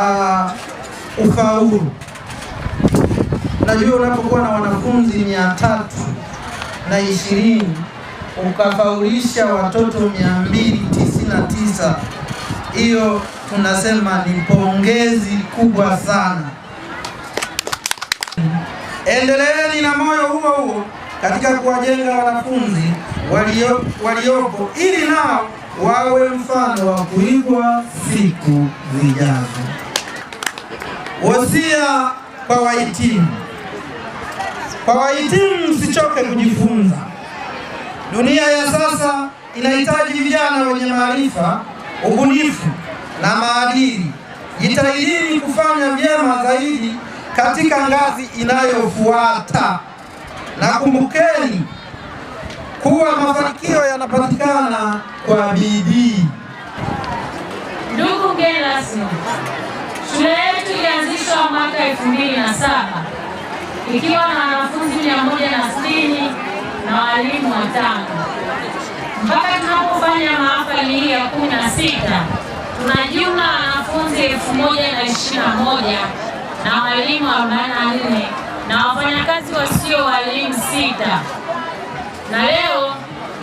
uh, ufaulu. Unajua, unapokuwa na wanafunzi mia tatu na ishirini ukafaulisha watoto 299 hiyo tunasema ni pongezi kubwa sana. Endeleeni na moyo huo huo katika kuwajenga wanafunzi waliopo ili nao wawe mfano wa kuigwa siku zijazo. Wosia kwa wahitimu. Kwa wahitimu, msichoke kujifunza. Dunia ya sasa inahitaji vijana wenye maarifa, ubunifu na maadili. Jitahidini kufanya vyema zaidi katika ngazi inayofuata, na kumbukeni kuwa mafanikio yanapatikana kwa bidii. Ndugu mgeni rasmi Shule yetu ilianzishwa mwaka 2007 ikiwa na wanafunzi 160 na walimu watano. Mpaka tunapofanya mahafali hii ya 16 tuna jumla ya wanafunzi 1021 na walimu 44 na wafanyakazi wasio walimu sita, na leo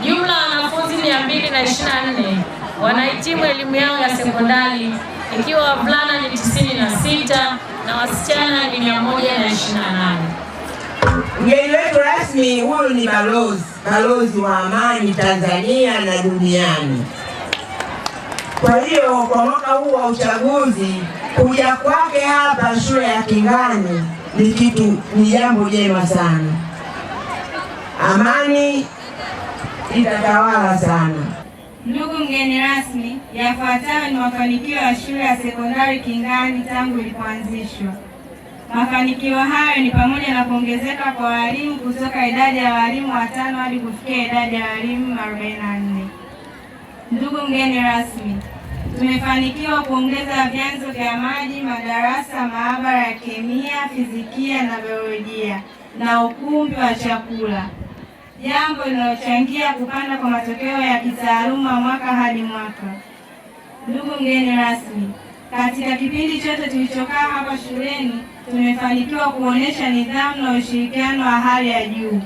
jumla ya wanafunzi 224 wanahitimu elimu yao ya sekondari ikiwa wavulana ni tisini na sita na wasichana ni mia moja na ishirini na nane. Mgeni wetu rasmi huyu ni balozi, balozi wa amani Tanzania na duniani. Kwa hiyo kwa mwaka huu wa uchaguzi kuja kwake hapa shule ya Kingani ni kitu, ni jambo jema sana. Amani itatawala sana. Ndugu mgeni rasmi, yafuatayo ni mafanikio ya shule ya sekondari Kingani tangu ilipoanzishwa. Mafanikio hayo ni pamoja na kuongezeka kwa walimu kutoka idadi ya walimu watano hadi kufikia idadi ya walimu 44. Ndugu mgeni rasmi, tumefanikiwa kuongeza vyanzo vya maji, madarasa, maabara ya kemia, fizikia na biolojia na ukumbi wa chakula jambo linalochangia kupanda kwa matokeo ya kitaaluma mwaka hadi mwaka. Ndugu mgeni rasmi, katika kipindi chote tulichokaa hapa shuleni tumefanikiwa kuonesha nidhamu na ushirikiano wa hali ya juu,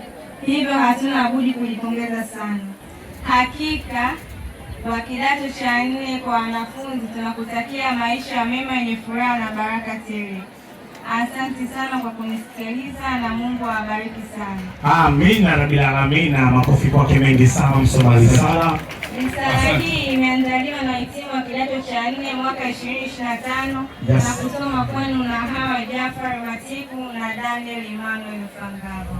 hivyo hatuna budi kujipongeza sana. Hakika wa kidato cha nne kwa wanafunzi tunakutakia maisha mema yenye furaha na baraka tele. Asante sana kwa kunisikiliza na Mungu awabariki sana. Amina rabbil alamin. Makofi kwake mengi sana msomali sana Risala hii imeandaliwa na itimu wa kidato cha nne mwaka 2025 yes, na kusoma kwenu na Hawa Jafar Matiku na Daniel Emmanuel Fangabo.